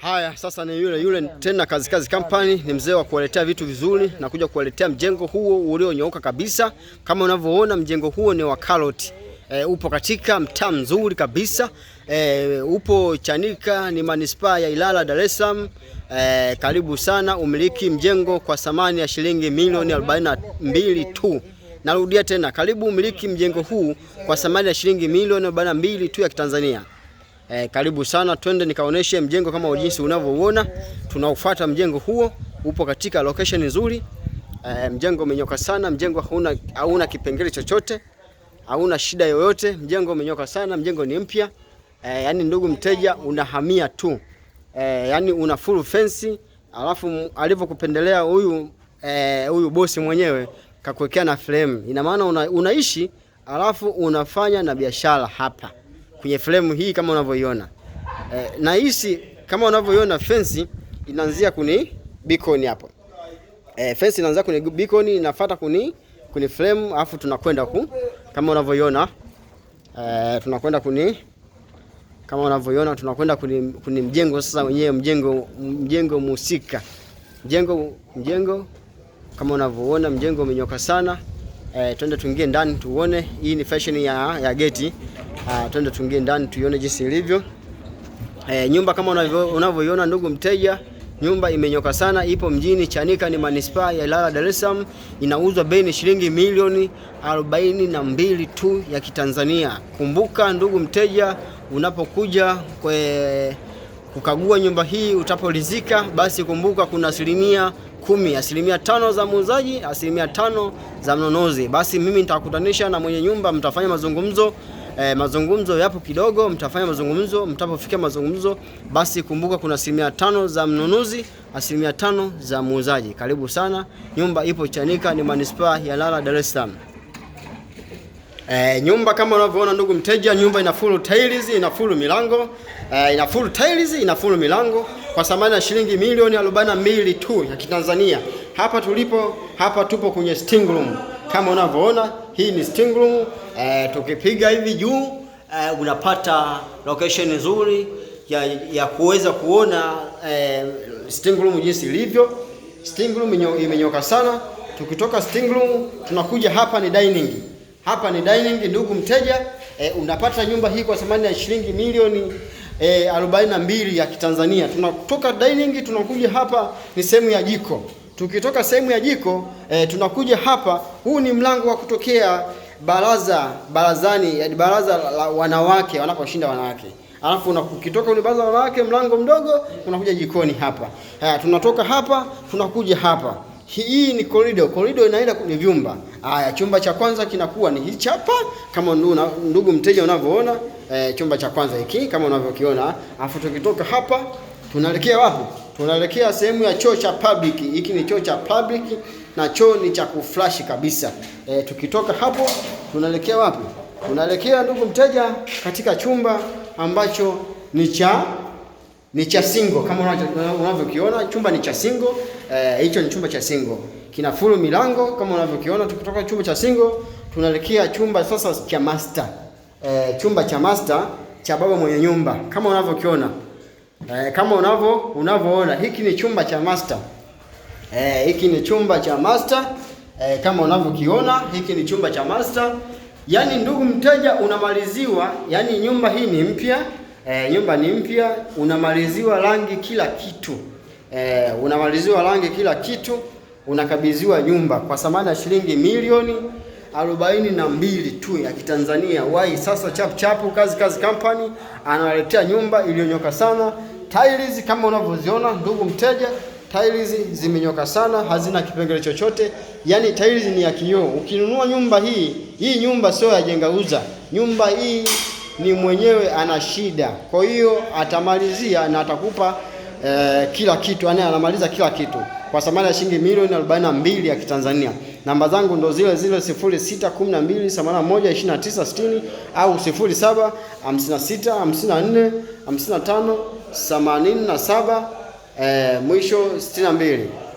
Haya, sasa ni yule yule tena, Kazi Kazi Company ni mzee wa kuwaletea vitu vizuri na kuja kuwaletea mjengo huo ulionyooka kabisa. Kama unavyoona mjengo huo ni wa Karoti. E, upo katika mtaa mzuri kabisa e, upo Chanika, ni manispaa ya Ilala, Dar es Salaam. E, karibu sana umiliki mjengo kwa thamani ya shilingi milioni 42 tu. Narudia tena, karibu umiliki mjengo huu kwa thamani ya shilingi milioni 42 tu ya Kitanzania. E, karibu sana, twende nikaoneshe mjengo kama jinsi unavyoona. Tunaufuata mjengo huo, upo katika location nzuri. E, mjengo umenyoka sana, mjengo hauna, hauna kipengele chochote, hauna shida yoyote. Mjengo umenyoka sana, mjengo ni mpya. E, eh, yani ndugu mteja unahamia tu. E, yani una full fence, alafu alivyokupendelea huyu e, huyu bosi mwenyewe kakuwekea na frame. Ina maana una, unaishi alafu unafanya na biashara hapa kwenye fremu hii kama unavyoiona e, eh, na hisi kama unavyoiona fence inaanzia kuni beacon hapo eh, fence inaanzia kuni beacon inafuata kuni kuni fremu afu tunakwenda ku kama unavyoiona eh, tunakwenda kuni kama unavyoiona tunakwenda kuni, kuni mjengo sasa wenyewe mjengo mjengo musika mjengo mjengo kama unavyoona mjengo umenyoka sana. Eh, twende tuingie ndani tuone. Hii ni fashion ya, ya geti. Uh, twende tuingie ndani tuione jinsi ilivyo. Eh, nyumba kama unavyoiona ndugu mteja, nyumba imenyoka sana, ipo mjini Chanika, ni manispaa ya Ilala, Dar es Salaam. Inauzwa bei ni shilingi milioni arobaini na mbili tu ya Kitanzania. Kumbuka ndugu mteja, unapokuja kwe kukagua nyumba hii utapolizika, basi kumbuka kuna asilimia kumi, asilimia tano za muuzaji, asilimia tano za mnunuzi. Basi mimi nitakutanisha na mwenye nyumba, mtafanya mazungumzo E, mazungumzo yapo kidogo, mtafanya mazungumzo. Mtapofikia mazungumzo, basi kumbuka kuna asilimia tano za mnunuzi, asilimia tano za muuzaji. Karibu sana, nyumba ipo Chanika, ni manispaa ya lala Dar es Salaam. E, nyumba kama unavyoona ndugu mteja, nyumba ina full tiles, ina full milango, e, ina full tiles, ina full milango kwa thamani ya shilingi milioni 42 tu ya Kitanzania. Hapa tulipo, hapa tupo kwenye sting room. Kama unavyoona, hii ni sting room. E, tukipiga hivi juu e, unapata location nzuri ya, ya kuweza kuona e, eh, sting room jinsi ilivyo. Sting room imenyoka sana. Tukitoka sting room tunakuja hapa ni dining. Hapa ni dining ndugu mteja e, unapata nyumba hii kwa thamani ya shilingi milioni e, 42 ya Kitanzania. Tunatoka dining tunakuja hapa ni sehemu ya jiko. Tukitoka sehemu ya jiko e, tunakuja hapa, huu ni mlango wa kutokea baraza barazani, yaani baraza la wanawake wanaposhinda wanawake alafu ukitoka ule baraza la wanawake mlango mdogo unakuja jikoni hapa. Haya, tunatoka hapa tunakuja hapa. Hii ni korido. Korido inaenda kwenye vyumba haya. Chumba cha kwanza kinakuwa ni hichi hapa, kama ndugu mteja unavyoona e, chumba cha kwanza hiki kama unavyokiona. Alafu tukitoka hapa tunaelekea wapi? Tunaelekea sehemu ya choo cha public. Hiki ni choo cha public na choo ni cha kuflash kabisa. E, tukitoka hapo tunaelekea wapi? Tunaelekea ndugu mteja, katika chumba ambacho ni cha ni cha singo kama unavyokiona, chumba ni cha singo. E, hicho. E, ni chumba cha singo kina fulu milango kama unavyokiona. Tukitoka chumba cha singo tunaelekea chumba sasa cha master. E, chumba cha master cha baba mwenye nyumba kama unavyokiona. E, kama unavyo unavyoona hiki ni chumba cha master. Eh, hiki ni chumba cha master eh, kama unavyokiona hiki ni chumba cha master. Yaani ndugu mteja, unamaliziwa yaani nyumba hii ni mpya eh, nyumba ni mpya, unamaliziwa rangi kila kitu eh, unamaliziwa rangi kila kitu, unakabidhiwa nyumba kwa thamani ya shilingi milioni arobaini na mbili tu ya Kitanzania. Wai sasa chap chapu kazi kazi company anawaletea nyumba iliyonyoka sana, tiles kama unavyoziona ndugu mteja tiles zimenyoka sana, hazina kipengele chochote, yani tiles ni ya kioo. Ukinunua nyumba hii, hii nyumba sio ya uza, nyumba hii ni mwenyewe ana shida. Kwa hiyo atamalizia na atakupa eh, kila kitu, yani anamaliza kila kitu kwa thamani ya shilingi milioni 42 ya Kitanzania. Namba zangu ndo zile zile 0612812960 au 87 E, mwisho mbili